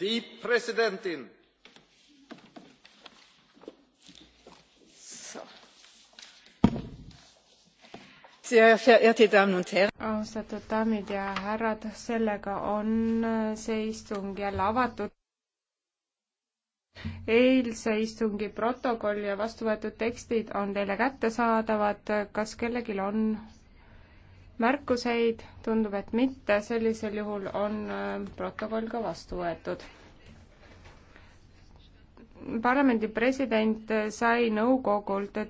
die präsidentin! austatud daamid ja härrad sellega on see istung jälle avatud. eilse istungi protokoll ja vastu võetud tekstid on teile kättesaadavad kas kellelgi on märkuseid, tundub, et mitte, sellisel juhul on äh, protokoll ka vastu võetud. parlamendi president äh, sai nõukogult